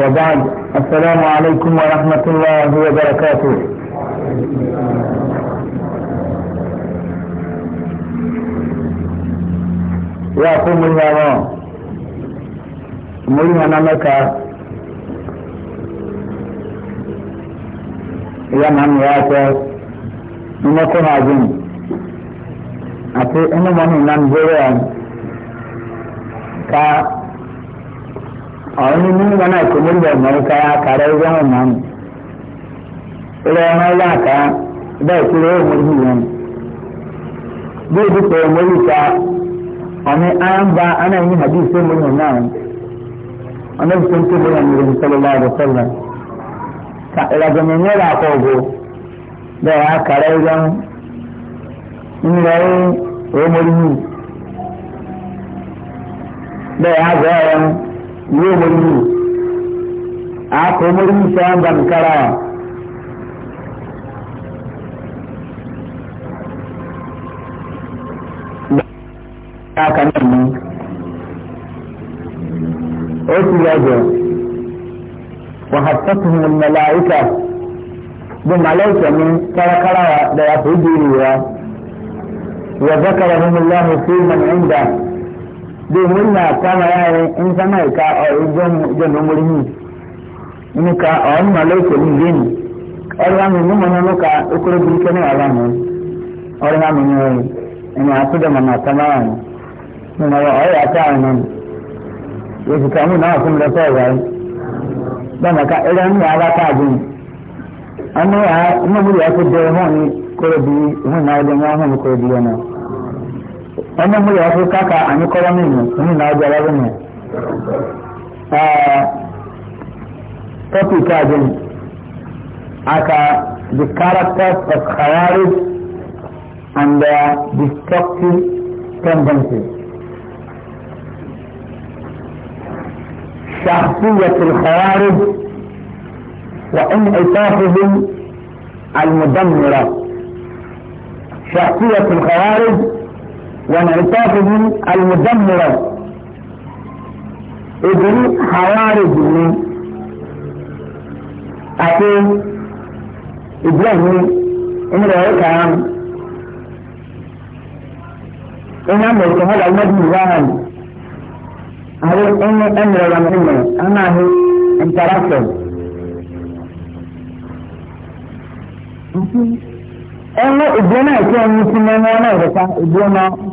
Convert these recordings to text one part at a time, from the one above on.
وبعد السلام عليكم ورحمة الله وبركاته يا قوم يا رب أنا مكة يا من ياتي من يكون عظيم أتي إنه من ينبغي ka ọ̀run ní wọn náà kò ní bẹ̀ mọ̀ọ́ká akàrà ẹgbẹ́ wọn mọ̀ ọ́nù ilẹ̀ ọmọ ilé àká bẹ́ẹ̀ kúrò ó mọ̀ ní wọn. bí ibi pé ọmọ yìí ta ọ̀ní àǹbá anáyìn hàbí ìfẹ́ mọ̀ yàn náà ọ̀nà ìfẹ́ ń tóbi yàn nìyẹn sọ́lọ́ bá rẹ̀ sọ́lọ́. ìlàjọ mi nyẹ́ làkọ̀ ọ̀gọ̀ bẹ́ẹ̀ akàrà ẹgbẹ́ wọn ńlẹ̀ ọmọ yìí bẹ́ẹ̀ àgbẹ̀ ọ̀rọ̀ yóò mọ yìí àkọ́mọ́ yìí sáńbà nkárá. Aka náà mú. Ó ti yàgò. Wàhátàtùn mọ̀láyíkà. Bí màláìkà ní kárakára da ya fi jèrè wa. Wa zakara hùmùláhù fi man inda. bí mo ní àkàmà yára ń sámà ìka ọ̀rọ̀ ìjọ ìmọ̀mọ́rí yìí níka ọ̀rọ̀ nígbà lóòkè ní ìlú ènì ọ̀rọ̀ àmì mímọ́ ní ọlọ́ka okòrò burúkú ní wàhálà mi ọ̀rọ̀ àmì ní ọ̀rọ̀ ẹ̀mí àtúndọ̀ màmá àkàmà yára mi nínú ọ̀rọ̀ ọ̀rọ̀ àti àwọn ọ̀nà mi èsì ya náà fún mi lọ́sọ̀ ọ̀rọ̀ yìí bẹ́ẹ̀ ká ọmọ mi yà fún káka àní kọ́lá mi nù ní ìlà ọjà lábẹ́ mi. topic a jin aka the characters of kawari and their destructive tendencies. شخصية الخوارج وانعطافهم المدمرة شخصية الخوارج وانعطافهم المدمرة ابن حوارج من أتي إبراهيم إن رأيك عام إن أمر كهذا المدن واحد أقول إن أمر ومهمة أما هي انتراكتر أنا إبراهيم أتي أن يسمى أنا رأيك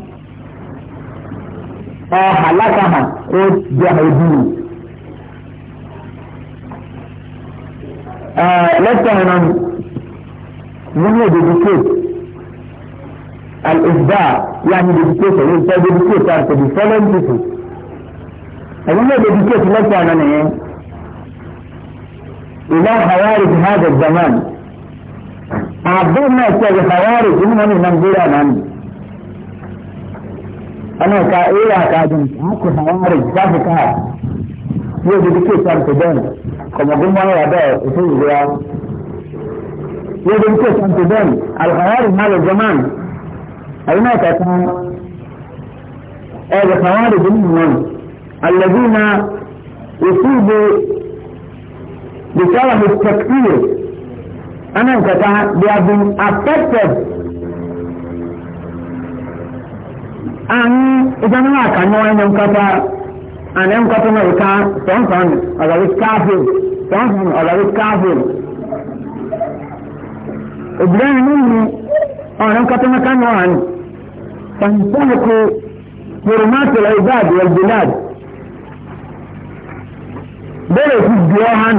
فحلقها قوت جهدو لكن من هو ديبكيت الإفداء يعني ديبكيت يعني ديبكيت تارك دي فلن تفو من هو ديبكيت لكن أنا إلى حوارج هذا الزمان أعبدو ما يتجي حوارج من هو منزولة من هو ana ka iya ka jin muku hawari za ku ka yau da kike san ku dan kuma gumma ya da ku ruwa yau da kike san ku dan al hawari ma da zaman ai ma ka san al hawari din nan alladina yusibu bi sharh al ana ka ta bi abin affected an idan ma ka no an yan kafa an yan kafa na ka don san ala wis kafir don san ala wis kafir idan mun ni an kafa na kan wan san san ko hurmat al ibad wal bilad bere ku biyo han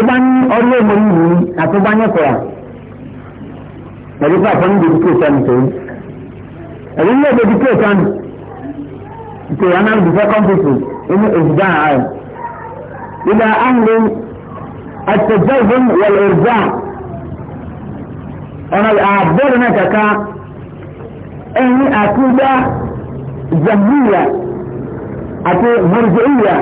idan ọrẹ mo ni àti bá yẹn kọ ya pẹlú pàtàkì ìdíkù sẹni tó yìí ẹ̀rí ní ẹ̀dẹ̀ dìkẹ́ kan ìpè anáwó dìfẹ́ kọ́mpútù inú ìdá àárẹ̀ ìdá àárẹ̀ àtẹ̀jẹ́gbọ̀n wọ̀lẹ̀ ìdá ọ̀nà àbẹ̀rẹ̀ náà kàkà ẹ̀yìn àkúgbà jàmúyà àti mọ̀rùjẹ́yà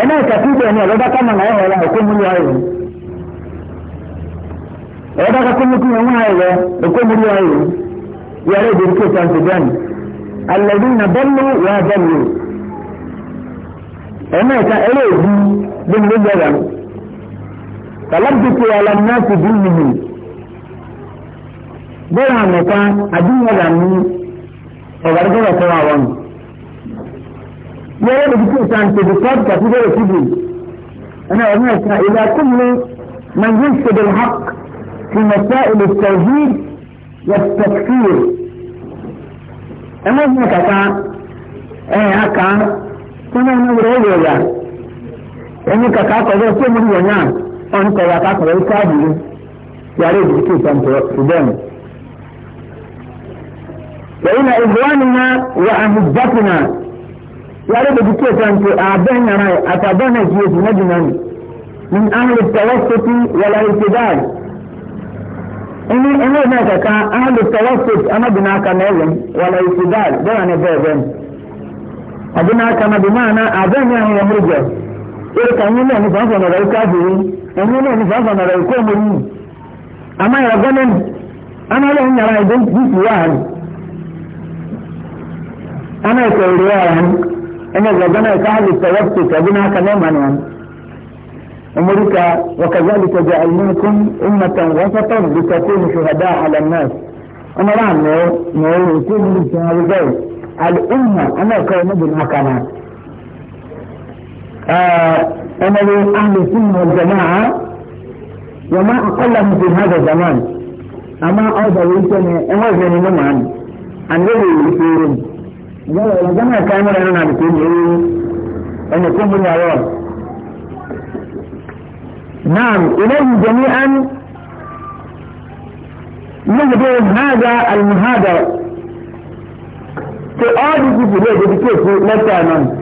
ẹ̀nà ìkàkúgbà ẹ̀yìn ọ̀lọ́dá kọ́mọ̀ náà ẹ̀họ̀ ọ̀lá òkú múlò ayọ̀ ọ̀lọ́dá kọ́mọ̀ kúmọ̀ náà ẹ̀họ̀ òkú múlò ayọ̀ يعني بركوت انت جاني الذين ضلوا وضلوا اما يتألوه دي من مجرد فلبدك على الناس دينه بيها نتا ادين الامي وبركوة سواوان يعني بركوت انت بكوت كتبه سبيل انا اذا كل من يشهد الحق في مسائل التوحيد والتكفير أما هناك كان إيه كان كنا نقول إيه ẹni kàkà kọjá tó mú yẹn náà wọn kọ yà kà kọjá ikú àbúrò yàrá ìdìbò tó sàn tó ṣùgbọ́n. lẹ́yìn náà ìgbọ́nì náà wà àhùjáfì náà yàrá ìdìbò tó sàn tó àbẹ́ nàrà àtàbẹ́ náà kì í oṣù mẹ́jọ náà ní àhùn ìtẹ̀wọ́ sọ́tún wọlé ìṣẹ̀dáàdì. ẹni ẹni ìgbà kẹka ahlu tawassus amadina aka n'ẹlẹ wàlẹ ìsìgáàl bẹ́ẹ̀ ni bẹ́ẹ̀ bẹ́ẹ̀ adina aka na ana ya ahun ka ẹni náà ní fanfa nọ̀rọ̀ ikú àbúrú ẹni náà ní fanfa nọ̀rọ̀ ikú ọmọ yìí àmà yẹ gọ́nẹ́nì bísí wà hàn ana ẹ̀kọ́ ìrẹ́ wà hàn ẹni ẹ̀gbọ́n náà ẹ̀ka ahlu na adina أمرك وكذلك جعلناكم أمة وسطا لتكونوا شهداء على الناس أنا لا نقول كل شيء الأمة أنا كون بالمكانة أنا أهل السنة والجماعة وما أقلهم في هذا الزمان أما أوضع يمكن أهل نمان أن يلي يسيرون قالوا لما كان أنا بكل أن يكون بالنهار نعم إليه جميعا يجب هذا المهاجر to في the people لا dedicate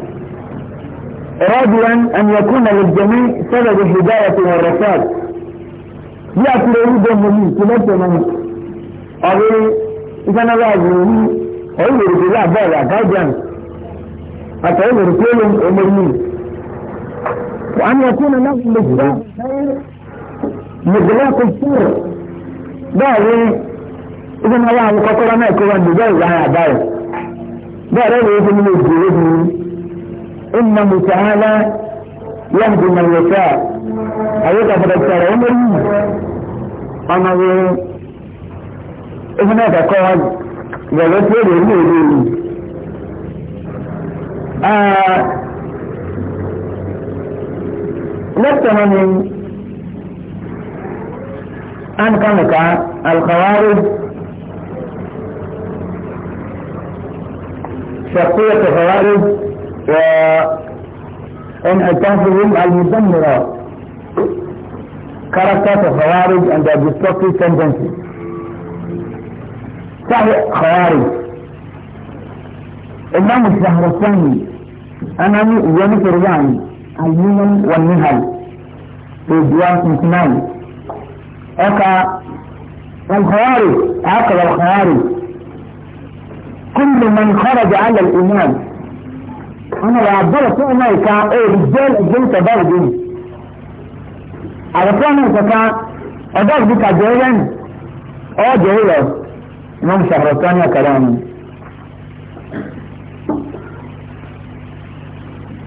راجيا أن يكون للجميع سبب الهداية والرشاد يا يريد مني كلمة مني أقول إذا أنا راجل أقول رجلا بابا كاجان أقول لك وأن يكون نفس الإسلام مغلاق السور دعوة إذا الله مقرر ما يكون بجوز على دعوة دعوة يجب من الجهود إنه تعالى يهدي من يشاء أيضا فدكتور عمري أنا إذن هذا قول جلت يدي آه لكن أن كانت الخوارج شخصية الخوارج وانعكاسهم المدمرة character الخوارج and their destructive tendencies صحيح خوارج إمام الشهر الثاني أنا يونس الرجاني المؤمن والنهل page one twenty nine أكا الخوارج عقل الخوارج كل من خرج على الايمان أنا لو عبدلت أمي كا إيه رجال الجنة برضه على كونه كا أدرك بك جيلا أو جيلا إمام شهرتان يا كلامي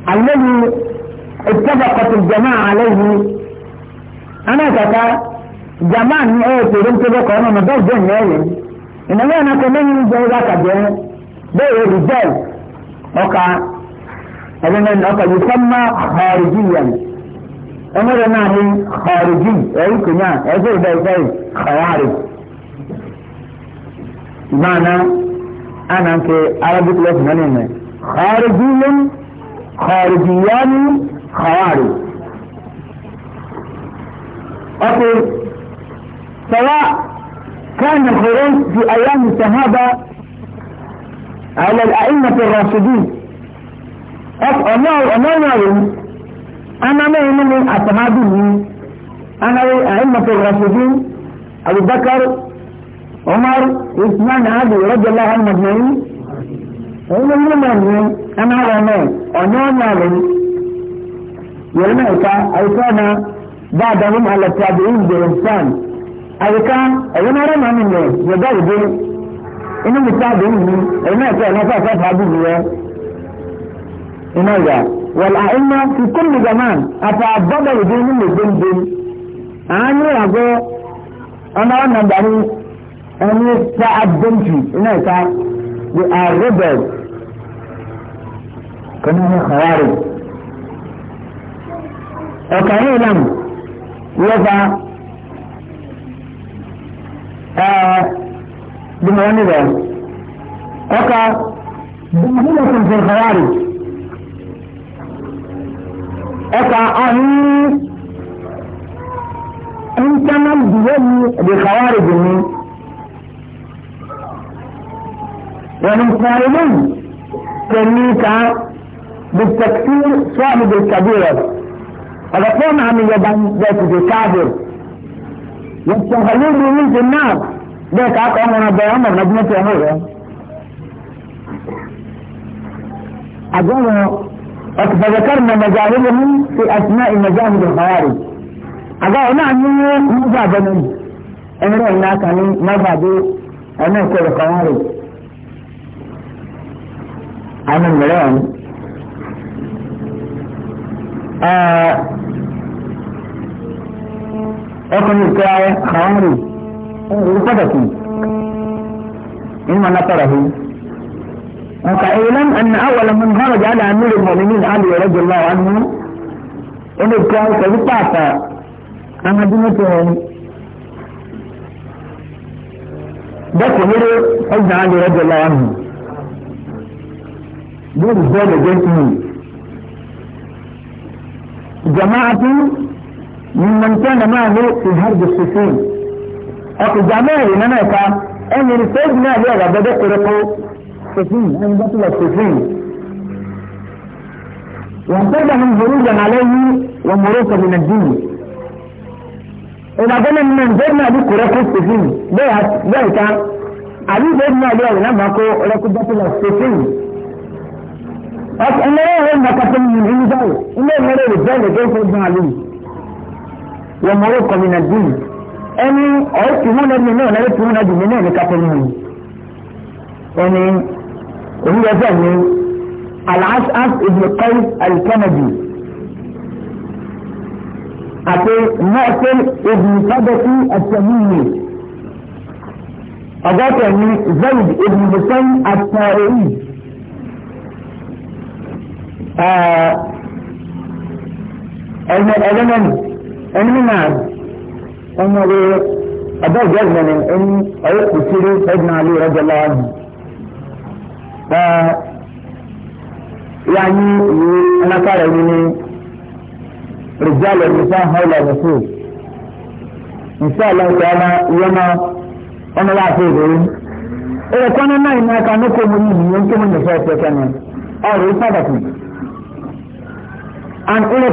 الذي اتفقت الجماعة عليه ana kaka jaman ni o tere nke boko ono na dog den yeye ina me na kome ni je wa ka je be o rijal oka abin nan oka yusamma kharijiyan amara na ni khariji ai kunya ai ko dai sai khawari mana ana ke arabic lesson ne ne kharijiyan kharijiyan khawari أقول سواء كان الخروج في أيام الصحابة على الأئمة الراشدين الله أمر نعم، أنا ما يمني أصحابه أنا أئمة الراشدين أبو بكر عمر عثمان علي رضي الله عنهم أجمعين أنا من أنا على أنا أنا علي يلمعك أي كان بعدهم على التابعين بالإنسان أو كان أنا رمى منه يقال إنه متابعين إنه كان نفاس أصحابه إنه والأئمة في كل زمان أتعبد بدين من الدين أنا أقول أنا أنا بني أنا تعبدتي إنه كان بأربد كنا خوارج أكاين لم يضع بمعنى ذلك وقع بمعنى في الخوارج وقع أن أن كمل بيدي بخوارج من ومن فائدين كميكا بالتكثير صاحب الكبيرة فقام عم يبان ذات الكافر يتخلون من في النار ذات عقا من أبا عمر نبنة عمر أقول أكبر ذكرنا مجاهدهم في أسماء مجاهد الخوارج أقول نعم مجاهد من أمر الناس عن مجاهد أمرك الخوارج أنا مليون آه ọkùnrin ìkọ́ àwọn rè ìlú pàtàkì ìmọ̀ látara yìí. وكأيلم أن أول من خرج على أمير المؤمنين علي رضي الله عنه إن كان كذبات عن مدينتهم دخل سيدنا علي رضي الله عنه دور الزوجة جنتي جماعة ممن كان معه في هرب السفين أقول جماعي مناكا أن يرتجنا لها بدأ رقو السفين أن بطل السفين وانتبه خروجا عليه ومروقا من الدين إذا قلنا من انزلنا بك رقو السفين ذلك علي بإذن الله لما رقو بطل السفين أصلا لا هم كتب من عيدا إلا مرة رجال كيف يبنى عليه ومروكو من الدين أني أعطمون ابن نون هنا ابن نون كفرون أني وهي ذهني العشعف ابن قيس الكندي أتي مأسل ابن صدقي التميمي أضاف أني زيد ابن حسين الطائعي آه المؤلمني ẹni náà ọmọ rẹ ọba ìjọba ní ẹni ọyọ kùsìrì ẹgbẹ alẹ ọjọ lọwọ ni ẹ yà ní ìwé ẹnàkàrà ẹni ní rìjálẹ nìfà hàlẹ nìfò nìfà lọtọ ọmọ ìyọmọ ọmọ wa fẹ ìdòwú ẹ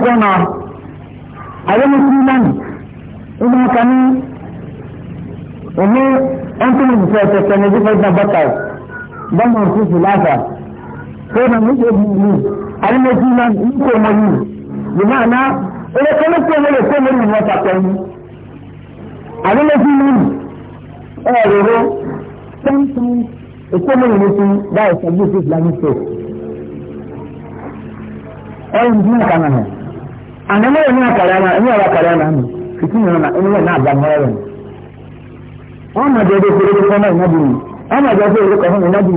kọ́ ní àwọn mùsùlùmí ìmọ̀ kan ní òní ẹ̀ńtìmì ìfẹ́ ẹ̀tẹ̀tẹ̀ ní ìfẹ́ ìgbà bọ́tà bọ́mọ̀ òṣìṣì láàbà tó nà ní ìṣe bùbù àwọn mùsùlùmí ìkó ọmọ yìí yìí máa ná ẹlẹ́kọ́ ní kí ọmọ rẹ̀ tó lórí ìwọ̀n tàpẹ́ ní. àwọn mùsùlùmí ẹ̀rọ tẹ́ńtì ìkọ́mọ ìlú ti dá ìṣẹ́jú sí islamic state ẹ̀rọ ìdí ana mara a akara na ni akara na ni fitin na na ni na ba mara ni ama je de fere ko na na bi ama je fere ko na na bi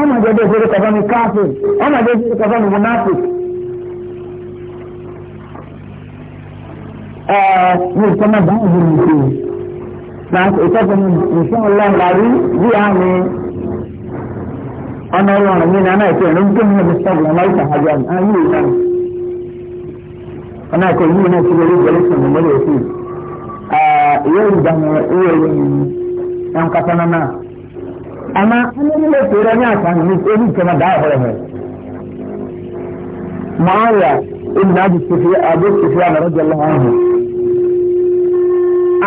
ama je de fere ko na kafir ama je fere ko na munafik eh ni ko na ba ni ni na ko ta ko ni inshallah lari a ani ana ro ni na na ke ni ko ni ọ̀nà àkọ́ yìí náà ti lórí ìgbẹ́lẹ́sìn ìmọ̀lẹ́ òfin ìwé ìdáhùn ìwé ìròyìn ẹnkata nana ama nílé tèrè ní àtàwọn ní ebi ìtẹ̀mọ̀ dáa ọ̀rẹ́ rẹ̀ mọ́àyà ìnà àbí sèfì àbí sèfì àlọ́rọ̀ jẹ́ lọ́wọ́ ọ̀hún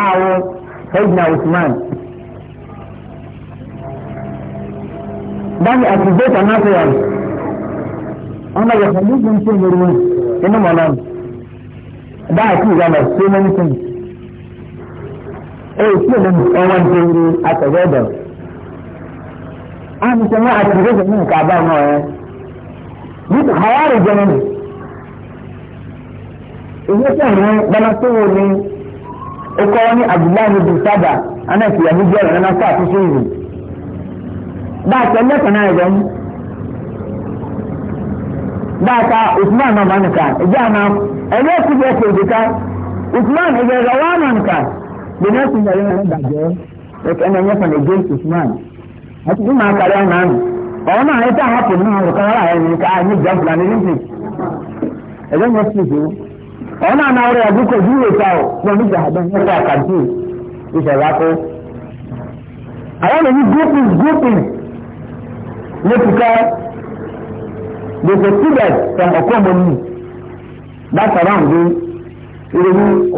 àwọn ẹ̀jìnà usman báyìí àti bẹ́ẹ̀ tàn náà fẹ́ràn ọ̀nà yẹ̀fọ̀ ní ìgbìmọ̀ tó ń lórí inú mọ̀lọ́rùn. that is one of so many things. Èyí tí èmi nìkan wọ́n ti A ti sọ wọn àti ní nǹkan àbá náà yẹn. Nítorí àwárí jẹun nì. Ìwé tí àwọn gbanasowó ni ó ní Abdullahi bin Sada, náà àtúnṣe Bá a sọ daka usman na manka jana ẹgbẹ kúbi ẹsẹ ìdíkà usman ìgbẹrẹ wà manka bìnnẹ sì yẹrẹ ní ìdàjẹ ẹkẹ ẹnna ẹnyẹ na ẹgbẹ e usman àti bí màá kárí ọ̀nà àná ọ̀hún náà ẹ̀ta àhàpọ̀ nínú àwọn kan wà ẹ̀yìn ká olympic ẹ̀gbẹ́ yẹn sì fún ọ̀hún náà náà rẹ̀ ẹ̀dúkọ̀ ojú ìwé ta ọ̀ fún oníjà àbẹ̀ nípa àkàtì ka. they proceeded from Okomoni that's around the Irebu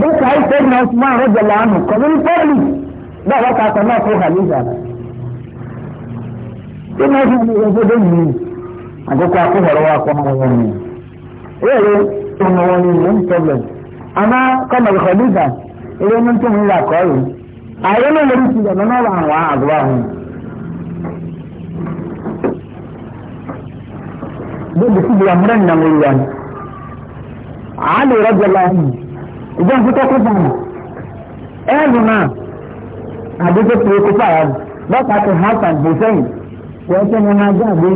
Bẹ́ẹ̀ka ayé sẹ́yìn náà Usman rọ̀jẹ̀ lánàá kọ̀wé ní pọ́ọ̀lì bẹ́ẹ̀ wọ́n kàtà náà fún Haliza. Ṣé náà fún mi ẹgbẹ́ dé yìí? Àkókò akóhọ̀rọ̀ wa kọ́ máa wọ̀ ni. Èrè ọmọ wọn ni ìlú ń tọ́lẹ̀. Àmọ́ kọ́mọ̀ Haliza eré ń rà kọ́ rè. Ààrẹ náà lórí ti náà wà wá àdúrà ìyá ìjọ ń fúnpẹ́ kó fún un ẹ̀rù náà àdókò tó kó fàyà lọ́pàá tó house and hosẹ́yìn wọ́n tẹ́ wọn náà jáde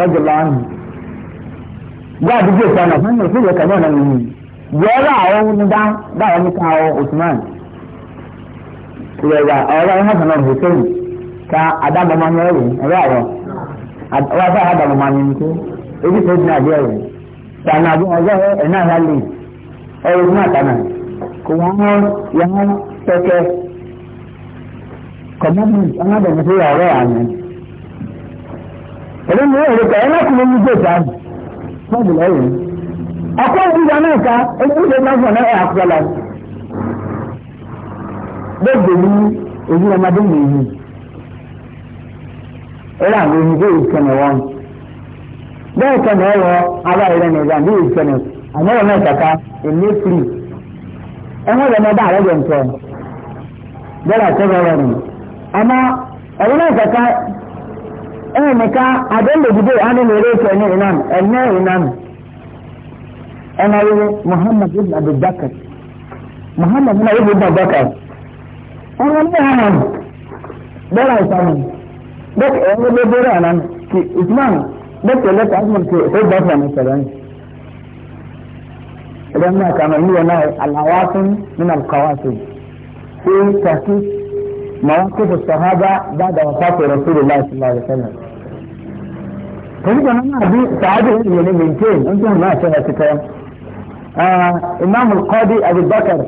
rajala ahun jáde díẹ̀ na ànàfẹ́ ní òfin ìyẹ̀kẹ́ náà nìyí àwọn ohun báwọn ní ọ usman ìyẹ̀wà ọ̀rọ̀ ẹ̀ house and ká adábọ̀mọ́ ní ẹ̀rù ẹ̀rọ àwọ̀ wọ́n fẹ́ adábọ̀mọ́ ní nkú ebi tó dín adé ẹ̀rù sànà náà lè. ẹ̀rọ fún àtànà kò wọ́n mọ́ yẹn mọ́ pẹ́kẹ́ commitment ọmọdéni sí ìyàwó àmì. èdè mi ò rí ká ẹ lọ́kùnrin mi gbé sáà fún ìdílé yìí. ọkọ ìdílé náà ká ẹgbẹ́ ìdílé náà fọ̀ náà ẹ̀ àkọlà. bẹ́ẹ̀ gbèmí èyí ọmọdé mi yìí. ẹ̀rọ àwọn ènìyàn yìí àmọ́ ọ̀nà ìkàkà èlé firi ẹ̀hún ọ̀nà ọba àrẹ jẹ̀ ntẹ̀ bẹ́ẹ̀ àti ọ̀rọ̀ rẹ̀ àmọ́ ọ̀nà ìkàkà ẹ̀hún nìka àdéhùndòdìdò àná mèrè ètò ẹ̀yẹ ìnam ẹ̀yẹ ìnam ẹ̀nà wíwí muhammad ibn abubakar muhammad ibn abubakar ọ̀nà ní ọ̀hún bẹ́ẹ̀ àìsàn bẹ́ẹ̀ ẹ̀yẹ bẹ́ẹ̀ bẹ́ẹ̀ àná ti usman bẹ́ẹ̀ tẹ̀lé fún yìí. لأنها كما هي له العواصم من القواسم في تحقيق مواقف الصحابة بعد وفاة رسول الله صلى الله عليه وسلم فإذا طيب، أنا أبي سعادة من بنتين أنتم ما شاهدتها آه إمام القاضي أبو بكر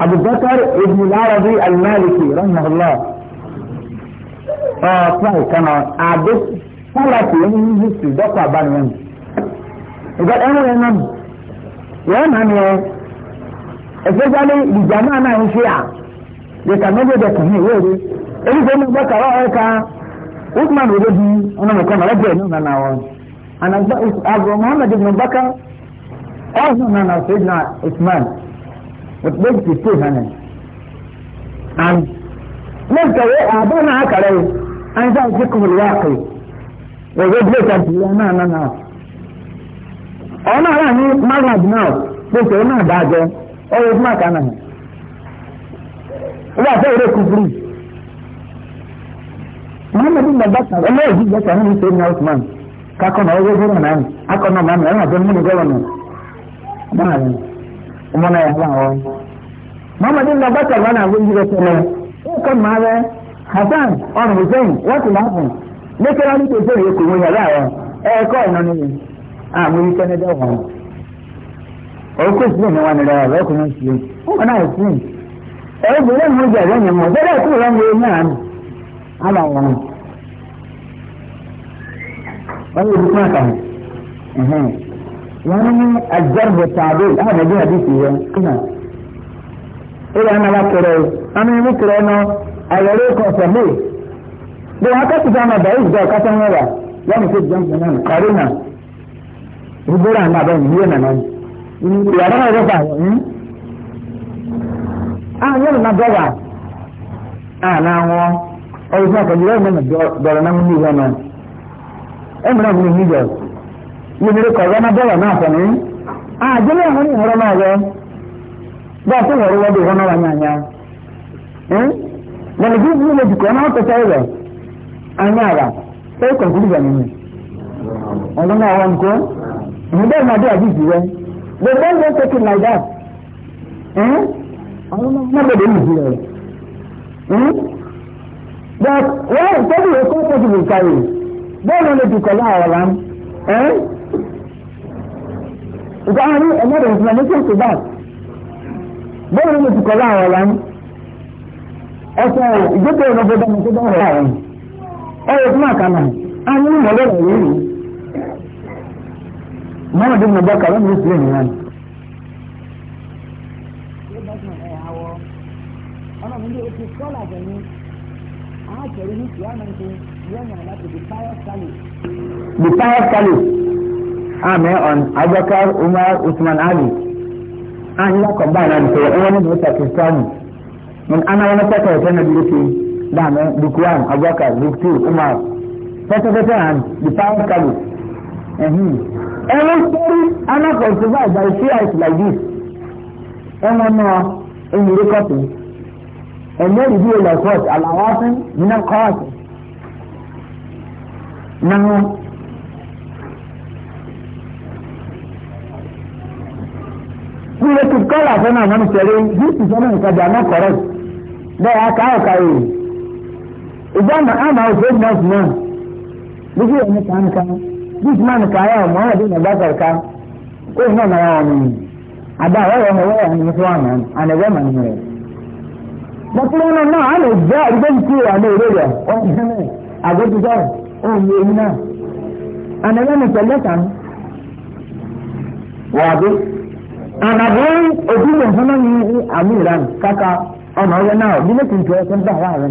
أبو بكر ابن العربي المالكي رحمه الله آه طيب، كما عبد ثلاثة من هيستي دكتور بانوان وقال أنا يا yẹn nà ni ẹ especially ìjà náà ń ṣe à they can never get to me wéèrè eléyìí ní bọ́tà ọ̀ ẹ̀ ká usman wòlé di ọ̀nà and muhammed ibn baka eh, ah, náà náà na usman ti ṣe hàn and àbọ̀ náà kàrẹ́ ọ̀nà ara ní marriage náà pèsè ọ̀nà àdájọ ọ̀rọ̀ ìfúnmá kan náà wọ́n àti ọ̀rẹ́ kúkúrú muhammadu mbàbàtà ọlọ́ọ̀dì gbẹ̀sà ní ìṣe ní osman kakọ́ náà ọwọ́ gbọ́dọ̀ náà akọ́nà náà rẹ̀ ọmọ náà yà wà wọ́n. muhammadu wọn àwọn ìlú rẹ̀ tẹ̀lé ẹ̀kọ́ màá rẹ̀ hasan ọ̀rùn wọ́n ti láàbùn lẹ́kẹ́rẹ́ ní kò àwọn oníṣẹ́ ní da wọn. orúkọ ìsìlẹ̀ ni wọn nira ọ̀rọ̀ ọkùnrin ìsìlẹ̀ wọn náà ìsìlẹ̀ ẹ̀rọ ìbílẹ̀ ìmọ̀ ìjà rẹ̀ yẹn mọ̀ bẹ́ẹ̀ kú ìrọ̀ mi náà nù àmà wọn. wọ́n yóò dúpọ̀ àkàn wọ́n ní àjẹrìbọ̀ tààdé àbẹ̀dẹ̀ àdìsí yẹn kúnà. ìrọ̀ àná wa kẹrẹ ọ̀nà ìlú kẹrẹ ìgbóra àwọn àbẹ̀yìn yóò nà na ìyàrá náà rẹ̀ fà wọ́n. àwọn ọ̀nà dọ́wà àná wọn ọ̀rọ̀ fún àkàndínlẹ́ ìmọ̀ dọ̀rọ̀ náà ní ìwé náà ẹ̀mí náà ní ìjọ yìí ní kọ̀ ọ̀nà dọ́wà náà fọ̀ ní. àjẹlẹ̀ àwọn ìhọ̀rọ̀ náà rẹ̀ bẹ́ẹ̀ tó wọ̀rọ̀ wọ́dọ̀ ìhọ̀rọ̀ náà nyanya. náà and then my dad is there they don't want to take it like that eh nobody is there eh but why tell me how possible carry don't only to call our land eh because I need another explanation to that don't only to call our land ẹsẹ ìjókòó ìrọ̀bọ̀dọ̀ mi tó dáhùn ọ̀rọ̀ ọ̀rọ̀ tó máa kà náà a ní ìmọ̀lẹ́rọ̀ yìí muhammadu ibn abubakar wọn ní sílẹ̀ nìyẹn. ọ̀nà mi ní o ti kọ́ làjọ ní àákẹ́rẹ́ ní kìámà ní yẹ́nà láti the fire palace. the fire palace àmì on abubakar umar usman ali an yi lakon ba na da sai wani da wata kristiyani mun ana wani saka ya tana da yake da mai dukuwan abubakar duktu umar sai ta ga tana the fire palace Every story I'm not considered I see it like this. and and you you look then do like Ẹnu ọ̀nà ìyìnrere kọ́tù. Ẹ̀lẹ́ Now, we kọ́ọ̀tù àlàwọ́sìn nínú kọ́ọ̀tù. Náà kúlẹ̀ tó you fún àwọn ọmọ ìṣẹ̀lẹ̀ yìí ti sọ́nà nǹkan jà náà kọ̀rọ̀. Bẹ́ẹ̀ aká ọ̀ka yìí. Ìjọba àmà òfin nọ́ọ̀sì náà. This is ẹ̀mí kan kan this man kaya muhammad ibn abubakar ka ó iná mara wọn ni àbá àwọn ọmọ wọn ni mo fi wọn mọ ànàgbẹ́ mọ̀ nínú rẹ̀. mo tún wọn náà á lè jẹ́ àdúgbò tí ìwà ní èrè rẹ̀ ó ń bẹ́ẹ̀ mẹ́ àgójútọ́ òun ní èyí náà ànàgbẹ́ mi pẹ̀lú ẹ̀ka mi. wà á dé ànàgbẹ́ òbí mi fún mi ní àmì ìran káka ọmọ ọyọ náà bí mo ti ń tẹ ẹ fún bá ara rẹ.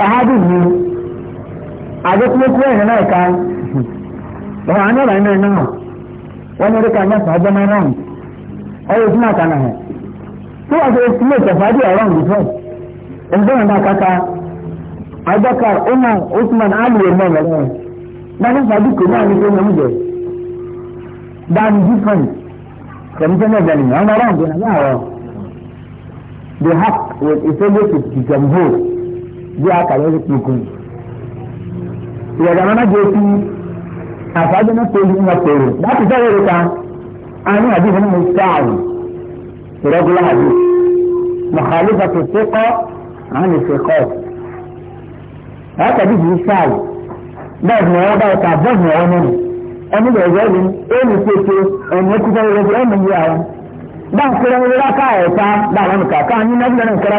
sàhádì ni àdókòókò ẹ̀rìn náà ká ọ̀rọ̀ anára iná náà wọ́n ní orí ká ní àṣà ọjọ́ náírà ní ọ̀rọ̀ ìtumọ̀ àkànà ẹ̀ tí wọ́n ti fi lè tẹ̀fàdì ọ̀rọ̀ ìdíjọ́ ìdíjọ́ náà kàkà abubakar umar usman ali ọmọ ọlọrọ nani sadiq náà ní sẹ́yìn ọmọdé dan different from sẹ́yìn ọ̀gbẹ́ni ọmọ ọlọ́run bí wọ́n yà wọ́n the hack with ìṣẹ́gbẹ́sì bí akàlẹ́ rẹ̀ kúkú. ìyàgbọ́n náà jẹ́ sí àfáàjọ náà tó yín wọn pèrò láti sọ̀rọ̀ rẹ̀ kan àní àdìsí ní mo sáàrù ìrọ́gùlá àdìs mọ̀kàlífà tó sékọ́ àwọn ìfẹ́kọ́ látàbí yìí sáàrù bẹ́ẹ̀ ni ọwọ́ báyìí ká bẹ́ẹ̀ ni ọwọ́ nínú ẹni bẹ̀rẹ̀ bẹ́ẹ̀ ni ẹni pèsè ẹni ẹkúta bẹ́ẹ̀ ni yìí àwọn. báńkì rẹ̀ ń rẹ́ ká ẹ̀ta báwọn kàkà ní nàìjíríà ń kẹ́ra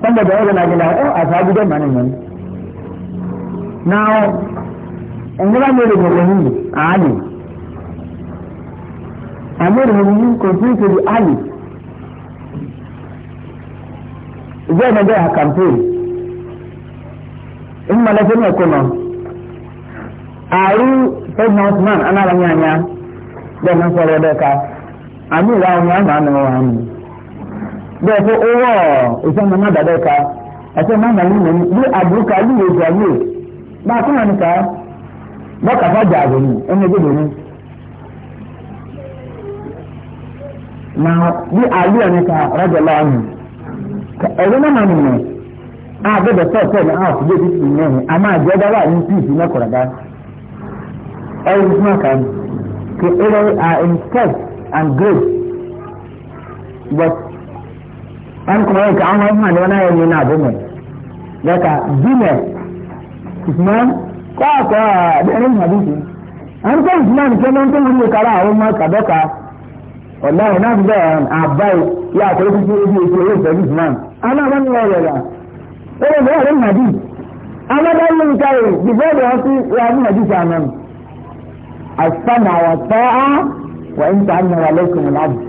saboda yau na gida oh a sabu da manin nan now in gaba ne da gogonin a ali amma da gogonin continue di be ali zai na gaya campaign in malafin ya kuma a yi sayyidina usman ana ranyanya da nan sauro da ka amma za mu yi bẹ́ẹ̀ fún owó ìsọ́nà má ka ẹ̀sẹ̀ má nà yín lẹ́nu bí àbúrúkà bí yóò tó ayé bá a kúrò nìka bọ́ọ̀kà fàjà àgbẹ̀nu na ka rọ́jò láàánú ẹ̀rọ náà má nìyẹn a bẹ̀bẹ̀ sọ̀tọ̀ ní àwọn òṣìṣẹ́ ti fi mẹ́rin a máa jẹ́ dáwà ní sí ìsìn mẹ́kọ̀rọ̀ dá ẹ̀rọ a in and grace but an kuma yau an hannu wani yau ne na abu mai daga jimai usman ko a hadisi an kwa usman ke nan tun wuri kara a wani ka wallahi na fi zai ya kuri ke yau da usman ana ban yau da ya ɗarin da yau hadisi da wasu ya hadisi a nan asana wa sa'a wa in wa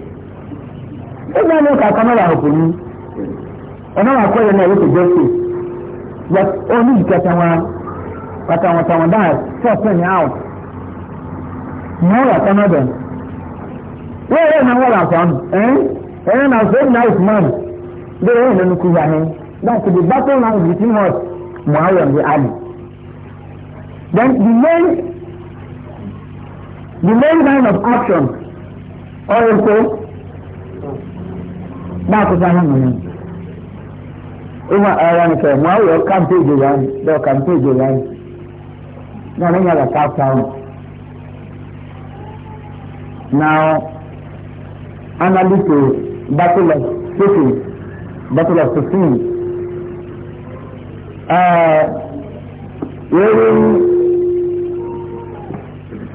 ina ne ka kama da hakuri ona ma kwere na yake jesu ya oni katawa katawa tawa da sorting out mọ́ra kama da wẹ́rẹ́ na wọ́ra kan ẹ́n ẹ̀rẹ́ na so na usman bẹ́rẹ̀ ẹ̀rẹ́ nínú kúrò ahẹ́ that the battle now is between us muhammed and ali then the main the main line of action ọ̀rẹ́ kò ba ku san hannun nan ina a yaran ka mu ayo kamfe je yan da kamfe je yan na nan ya da ka now analyst battle of fifteen battle of fifteen uh, wearing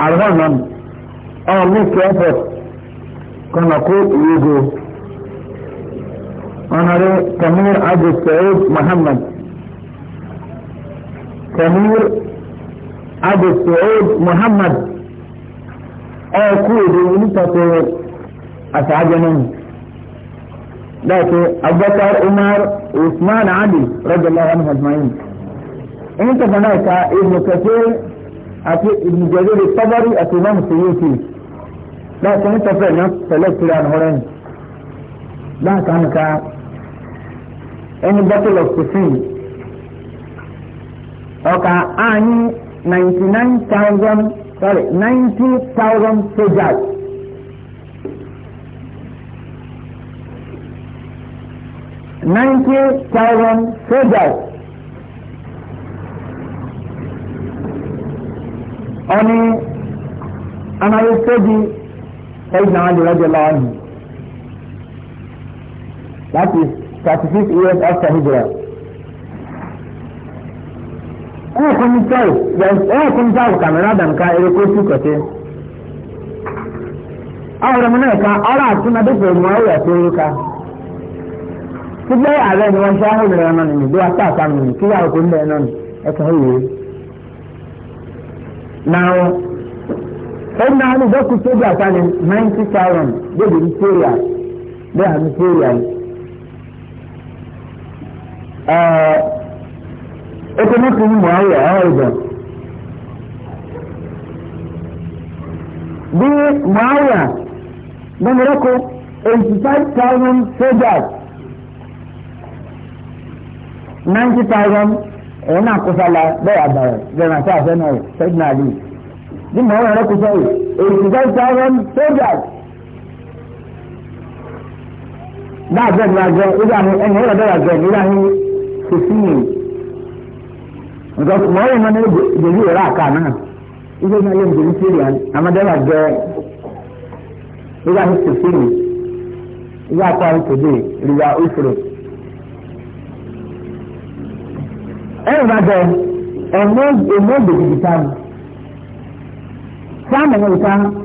alhormon or oh, make effort kọ̀nà kó ìwé Honorable Kamir Abu Said Muhammad. Kamir Abu Said Muhammad. Ọkú èdè onítàkùn àṣàjọ náà. Láti Abubakar Umar Usman Ali rọ́jò lọ́wọ́ ní Hajmayin. Onítàkùn náà ka Ibn Kathir àti Ibn Jarir Tabari àti Imam Suyuti. Láti onítàkùn náà pẹ̀lú ìtura àhọ́rẹ́yìn. Láti ànìkà any bottle of perfume ọkà anyị ninety nine thousand sorry ninety thousand soldiers ninety thousand soldiers ọni anayi soji ẹyìn náà lè rẹjọ lọ́wọ́ yìí that is. 36 years after Hijrah. Onye kwumita ahụ ka mere Adam ka erekwesị kọte. Ahụrụ m na ka ọrụ atụ na dịka omume ọrụ ya ka. Tupu ya ala enyi nwanchi ahụ mere ọnụ n'ihi dị asa asa ka ndị onye ni 90,000 dị dị ẹ̀ẹ́dẹ́gbẹ́ mọ́tòmí mọ́ ayé àwọn ìgbà bí mọ́ ayé lọ́mọdéko eighty five thousand soldiers ninety thousand ẹ̀yìn náà kọsàlà bẹ́ẹ̀ àbàrẹ̀ bẹ́ẹ̀ náà sáà fẹ́ẹ́ náà sẹ́gbìnà àlè bí mọ́ ayé lọ́kọsà yìí eighty five thousand soldiers. Dáàbẹ̀ ni àjọ, ìgbà ni ẹni ẹ̀rọ bẹ́ẹ̀ àjọ, ìgbà ni. fifteen because mọ̀ ọ́yìn mọ́ni gbèlú ìrọ̀ àká náà ilé náà yóò gbèlú sí ìrìn amadéwà jẹ́ ìgbà ní fifteen ìgbà àkọ́rin today ìrìwà ìfúró. ẹ̀rù bá jẹ ẹ̀mọ́ ẹ̀mọ́ gbèdìdì tá mi sáà mọ̀ ní ìta ẹ̀ẹ́.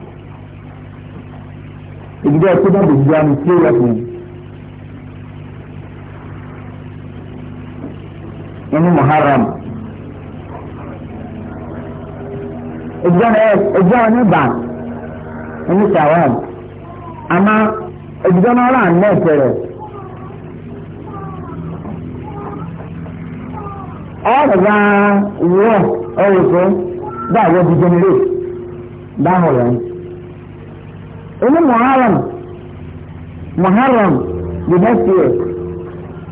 ìdílé ẹkú bá bò yá mi tí ó yẹ fún inú muharram ìdílé ẹjọ́ oníbà inú sàwọn àmọ́ ọrụ náà rà ní ẹ̀sẹ̀ rẹ̀ ọ̀rọ̀ bá ọ̀rọ̀ fún báwo di báwo inú muharram muharram the next year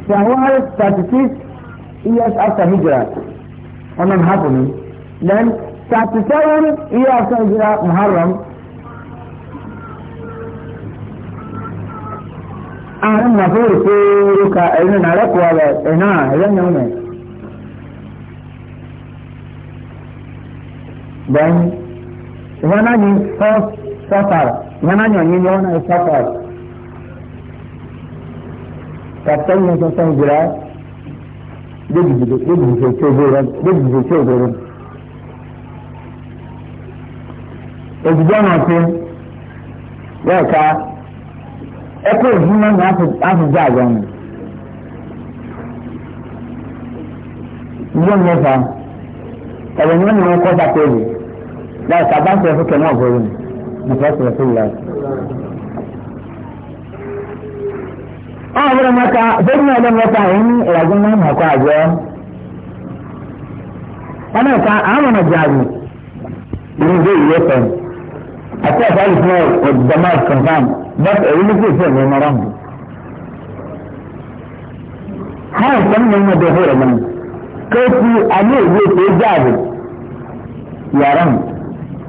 shawwal thirty six years after hijra and then happening then thirty seven years after hijra muharram àrùn nàfẹ́rù pé ká ẹ̀yìn nàrẹ́kọ̀ọ́ rẹ̀ ẹ̀nà ẹ̀yẹ́nà ọ̀nà then ìwọ́n náà ní first sufferer. Namanya milyon ay safar. Kaptan yung sasang gira, dedi dedi, dedi dedi, çözerim, dedi dedi, çözerim. Edeceğim atın, yaka, ekor hüman yapacağız onu. Milyon ne fa? Tabii milyon ne kadar koyu. Ya sabah sefer kenar koyun. بفات رسول الله أعبر مكة بدنا لم يتعين لكننا مكة أجل أنا كأعمل مجازي من زي يفهم حتى أفعل اسمه والدماغ كنفان بس أعلم كيف يفهم المرام هاي كم من مدهورة من كيف أمير يفهم جاهز يا رمز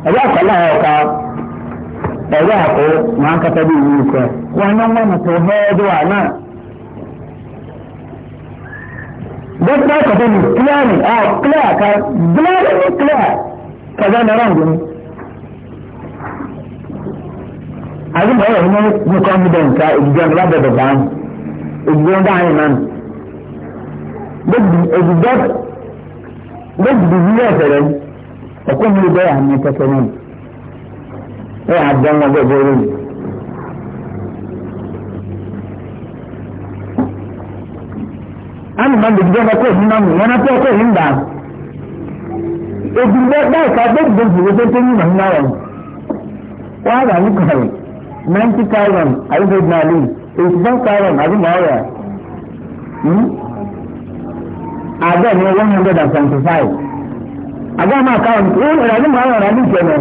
أجاك الله يا وقال ẹ̀rí àpò wọn akata bí ìlú kọ wọn náà wọn tó hẹ́ẹ́dì wà náà. dókítà kọ̀tọ́ ní kíláàmì à kíláà ká bíláàmì ní kíláà kọjá náírà ń gbóni. àdúgbò ẹ̀rọ ní ní kọ́mídẹ̀ǹtà ìdíjọ́ ní lábẹ́dẹ̀ bá ń ìdíjọ́ ń dáhìn náà. gbẹ́gbẹ́ ìdíjọ́ gbẹ́gbẹ́ ìdíjọ́ ẹ̀fẹ̀rẹ̀ ọ̀kọ́ mi lè bẹ́ẹ̀ àmì pẹ̀tẹ́ náà ẹ àdánwò gbẹgbẹ lónìí. Ani maa gbèdúgbò ọkọ òfin náà mú yẹn akọ ọkọ òfin dà. Èdùgbò báyìí ká gbẹ̀gbẹ̀ ìṣòro tó tó ní ìmọ̀ náà wọ̀. Wọ́n á rà ní kàrí ninety thousand àdúgbò náà lè eighty five thousand àdúgbò ọ̀rọ̀ àgbẹ̀ ni one hundred and seventy five. Àgbẹ̀ máa káwọn ní ìrìn àdúgbò ọ̀rọ̀ àdúgbò náà.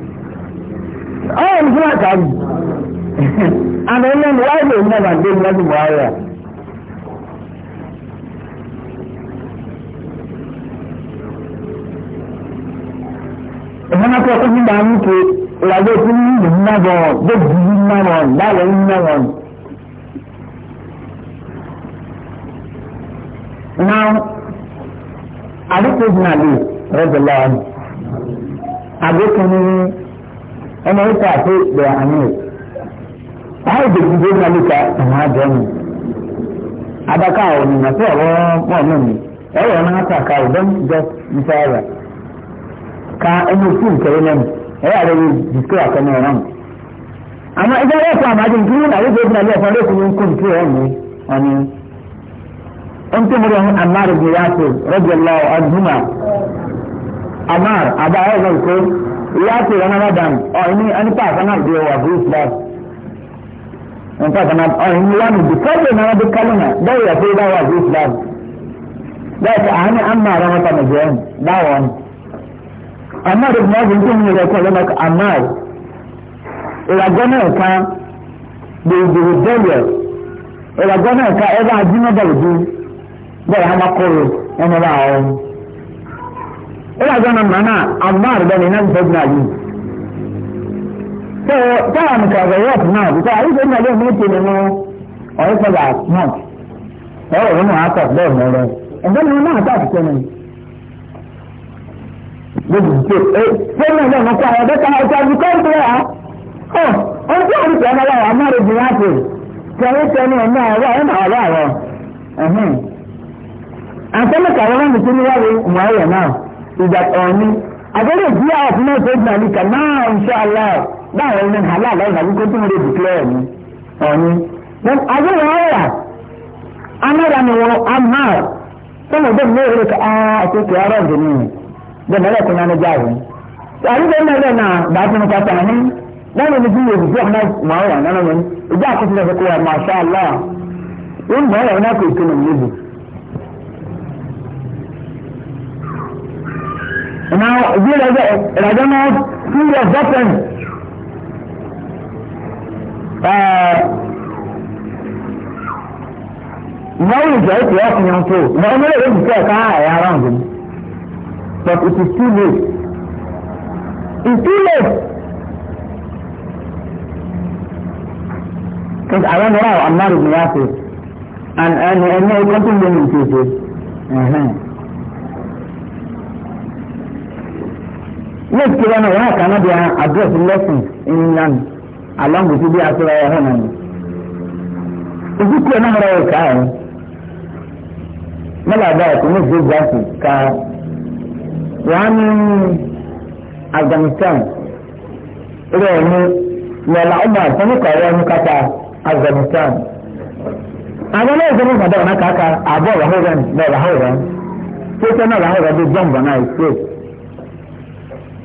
ọ̀rọ̀ ní fúlàkà yìí àmì ẹ̀yẹ́ ni wáyé lè ní àbàdé lọ́dún buhari à. ìfọ̀nà kọ́ ọ̀tún nígbà ń ké ìyàgbé tí ní ìlú ńlá bọ̀ bó di ńlá bọ̀ láwọ̀ ńlá bọ̀. Now, àdókòó ìdínàlè rẹ̀ bẹ̀rẹ̀ àdókòó ní ọmọ yìí kà pé bẹ̀rẹ̀ àmì rẹ̀ báyìí dèjì dé náà lùkà àwọn àjọ mi adaka àwọn ènìyàn sí ọ̀rọ̀ ka ẹni òkú nkẹrẹ lẹ́nu ẹ̀rọ àrẹ yìí dìkú àkọ́nà ọ̀rọ̀ mi. àmọ́ ẹgbẹ́ ẹ̀rọ nkiri na àwọn ìgbésẹ̀ náà lẹ́ẹ̀kan lẹ́kùn ní amar ìyá ti rẹ̀ ramadan ọ̀hìnì ẹnipa àkànnà ìdí ọwà bí islam ẹnipa àkànnà ọ̀hìnì wà nìdí kọ́ọ̀dù náà bí kálínà bẹ́ẹ̀ yẹ kó dáwà bí islam bẹ́ẹ̀ ti àánì àmà àrọ́mọta nìjẹ́ dáwọ̀ ni. àmà rẹ̀ fún ọ̀gbìn tó ń yẹ kọ́ lọ́nà àmà rẹ̀ ìràgọ́ náà ká lè dèrò dẹ́yẹ ìràgọ́ náà ká ẹ bá adínà bẹ̀rẹ̀ dé bẹ́ẹ̀ hàmà kọ́rọ̀ ẹni bá àwọn ina zama mana ammar bane nan ibn ali so ta am ka ga yau na bi ta ibn ali ne ke ne mu o yi fara na o ro mu aka da mu ro idan mu na ta ke ne gbogbo ke e se na na e, na ta da ta e, ta bi ko ko ya o o ti ari ta na wa ammar bi na ke ke ne ke ne na wa e, na wa wa ehn an sama ka wa mu tuni wa mu wa na ìgbà ọ̀ọ́ni àgbẹ̀rẹ̀ ìdí àwọn fún ọ̀sẹ̀ ìgbà nìkan náà ìṣe àlá báwọn ẹni hàlá àlọ́gbà wípé tó ń lè dìklẹ́ ẹ̀mí ọ̀ọ́ni. àgbẹ̀rẹ̀ ọ̀rà anára ni wọn amá sọ́nà ọ̀dọ́ mi lóore ká àkókò ara ọ̀dọ̀ mi bẹ́ẹ̀ mẹ́rẹ̀ kún yánú jáwé. àríwá ẹ̀mí ẹ̀rẹ́ náà bá tún ká tàn ní lẹ́nu ní bí òbí ọ̀nà màá wà nánà mi ìjà Now, these are the Rajanov's two of weapons. Uh, now is right to ask Now to. Normally, it is like, ah, around him. But it is too late. It's too late. Because I don't know, I'm not in the office. And, and, and, and, and, and, and, and, and, and, and, Let's give them a right and address lessons in England along with the Asura Honani. Ìdí kúrò náà rẹ̀ ẹ̀ka ẹ̀. Mọ́lá báyìí kò ní ìdí gbàsì ká wàá ní Afghanistan Umar Sanúkọ̀ rẹ̀ ní kàtà Afghanistan. Àwọn náà ìṣẹ́ ní ìgbàdàn náà kàkà àbọ̀ ràhóran náà ràhóran. Tí ó tẹ́ ga ràhóran bí jọ́ǹbà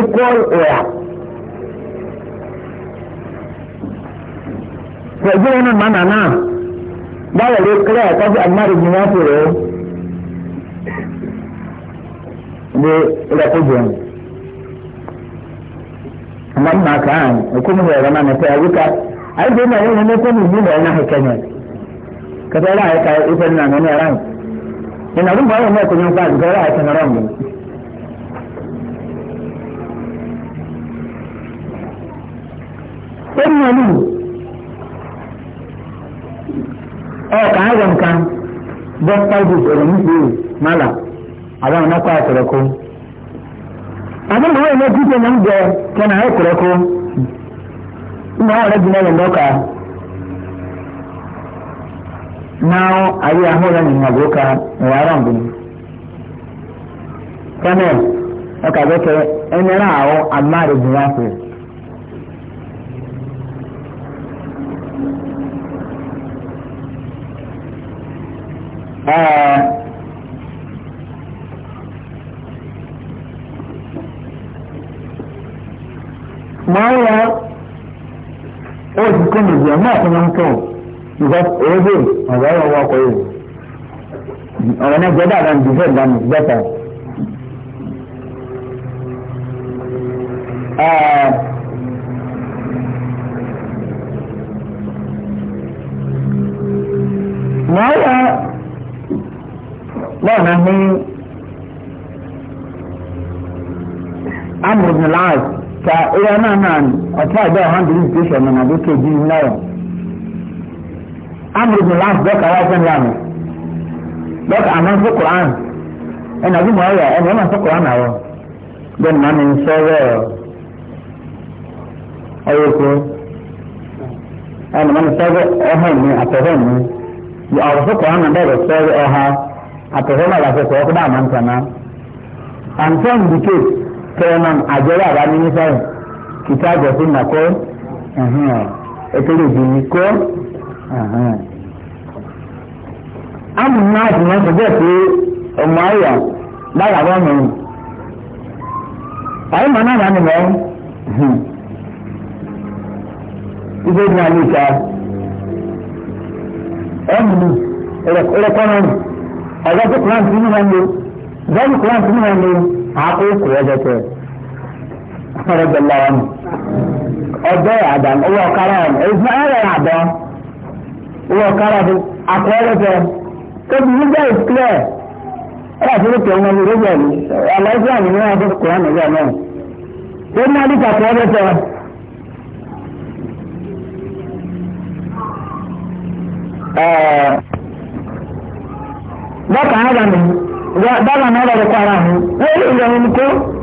equal air. Pẹ̀lú ẹnu màmá náà, báwo ló kílẹ̀ kọ́sí àmàlù ni wọ́n fèrè ó? Ní ilẹ̀ tó jẹun. Àmọ́ màmá kàn án, òkú mi bẹ̀rẹ̀ máa nà pé àwíká. Àyíké náà yóò wọlé fún mi nílò ẹ̀ná ìkẹyìn. Kẹ̀tẹ́ ẹ̀rọ àyíká ìfẹ́ nínú àná ní ẹ̀rọ àyìn. Ìnáwó báwo ẹ̀kọ́ ní ọgbà àgbẹ̀rẹ̀ àyíká náà rọ̀ mí? onye ọ ka agha nka dọkịta bụ usoro mkpi mala agba anakwa akụrụkụ na onye na na mgbe ka na akụrụkụ nna ọrụ dị n'ụlọ ndọka na ahụ ahụ ya nyere agụ ka ụwa ara mbụ enyere ahụ amarị dị máa ń wá oṣù tó nìyí ọmọ àti máa ń tọ̀ ìgbà èébè ọ̀gá ọ̀wọ́ ọkọ̀ yìí ọ̀rọ̀ náà jẹ́ dáadáa ní ìfẹ́ ìdánù bẹ́tà. ìyá na náà ni ọ̀tí àgbà ọ̀hándìrí ìgbésẹ̀ ọ̀nà àdó kejì náírà. amúlùmí láti dọ́kà wá fún yàrá dọ́kà àmọ́ fún kuran ẹnì àbí mọ̀ ọ́yà ẹnì ẹ̀mọ̀ fún kuran náà wọ̀ bẹ́ẹ̀ màá mi sọ wẹ́ẹ̀ ọ̀yọ̀ kú ẹnì màá mi sọ wẹ́ ọ̀hún mi àtọ̀hún mi ọ̀rọ̀ fún kuran bẹ́ẹ̀ sọ ọ̀há sọ náà àbá kìtàbọ̀ sí nàkọ́ ẹ̀tọ́rọ̀ òbí mi kọ́. àmì náà ti náà sọ́jọ́ pé ọmọ àyà báyà wọ́n mi. àyè màá náà nánú mọ́ ibi ní alẹ́ ìta ẹ̀mí ẹ̀rẹ̀kọ́nà ọ̀gá tó kúrántì nínú ẹ̀ ń lo ìjọba kúrántì nínú ẹ̀ ń lo àákó kò ẹ̀jẹ̀ tẹ̀. فرج الله عنه ọjọ́ àdán owó ọ̀kára ọ̀nà èyí ara àdán owó ọ̀kára ọ̀dún àkọọ́lẹ́fẹ́ tóbi nígbà ìsílẹ̀ ẹ̀rọ tó lókè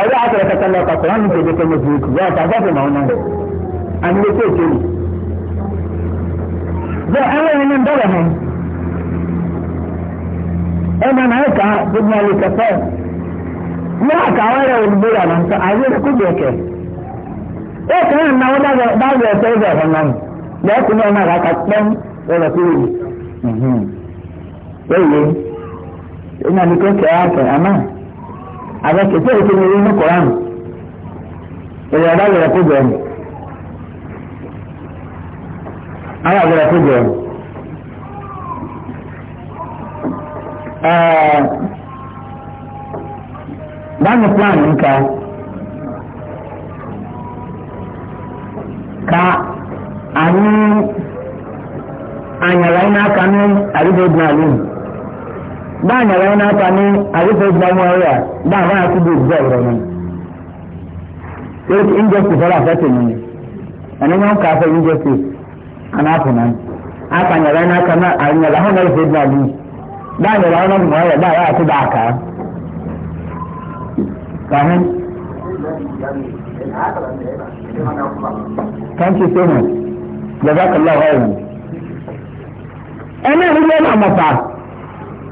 ẹ̀rọ àtẹ̀rẹ̀kẹ̀kẹ̀ lọ pàtó wọn ní kéde kẹmẹ ju ikú yọ ọ̀tàn fọ́ọ̀fù màá náà àmì lè tó ìkéyìí. bẹ́ẹ̀ ẹ̀rọ yẹn ní bẹ́rẹ̀ hàn ẹ̀rọ náà kà gbogbo àlè kẹfẹ́ ní àkàwọ́ ẹ̀rọ olùgbé rà náà sọ àyè ẹ̀kú jẹ kẹ. ó kàn án náà wọ́n dábọ̀ ẹ̀sẹ̀ ẹ̀sẹ̀ ẹ̀fọn náà lẹ́ẹ̀kú náà náà rà kàpẹ́ ẹ̀rọ kúrò yìí. ẹ̀yẹ ẹ̀yẹ ẹ̀yẹ àwọn kẹ̀kẹ́ ètò ìrìn inú koran ìrìn àbá wẹ̀rẹ̀ kó jẹun àwọn àwẹ̀rẹ̀ kó jẹun. báyìí plan nǹka ka anyị anyara anyị n'aka n'arịba ọdịnala dáànyà lẹ́yìn náà ta ní àyíkò ìgbà wọn rẹ̀ dáàbá yà kúbi ìgbà ọ̀rọ̀ mi. Eight injustice ọ̀rọ̀ àfẹ́tẹ̀ mi ni. Ẹni wọn kà fẹ́ injustice àná na Àkànyà lẹ́yìn náà kan náà àyìnbá làwọn náà fẹ́ ìgbà mi. na lẹ́yìn náà mọ̀ ọ̀rọ̀ dáàbá yà kú dáa kà á. Kàhún. Thank you so much. Jazakallah khairan. Ẹni ìlú ló máa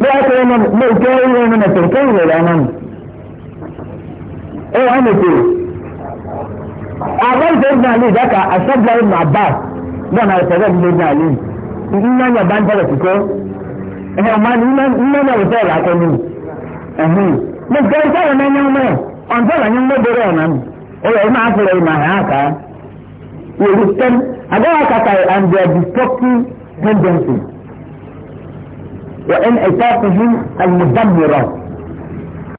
bẹ́ẹ̀ kọ́ ẹ̀mọ́ bẹ́ẹ̀ kọ́ ẹ̀rọ ẹ̀mọ́ ẹ̀tọ́ kọ́ ẹ̀rọ ẹ̀rọ ẹ̀mọ́ ẹ̀ wà mẹ́tò àbáyé ìgbà ní ìdáka àṣẹ́gbà ìmọ̀ àbá náà náà ìfẹ̀rẹ̀ ní na ní ìnáyà bá ń bẹ̀rẹ̀ kíkọ́ ẹ̀hẹ̀ ọ̀ma ní ìnáyà ìfẹ́ rẹ̀ akọ́ destructive tendencies. وانعكاسهم المدمرات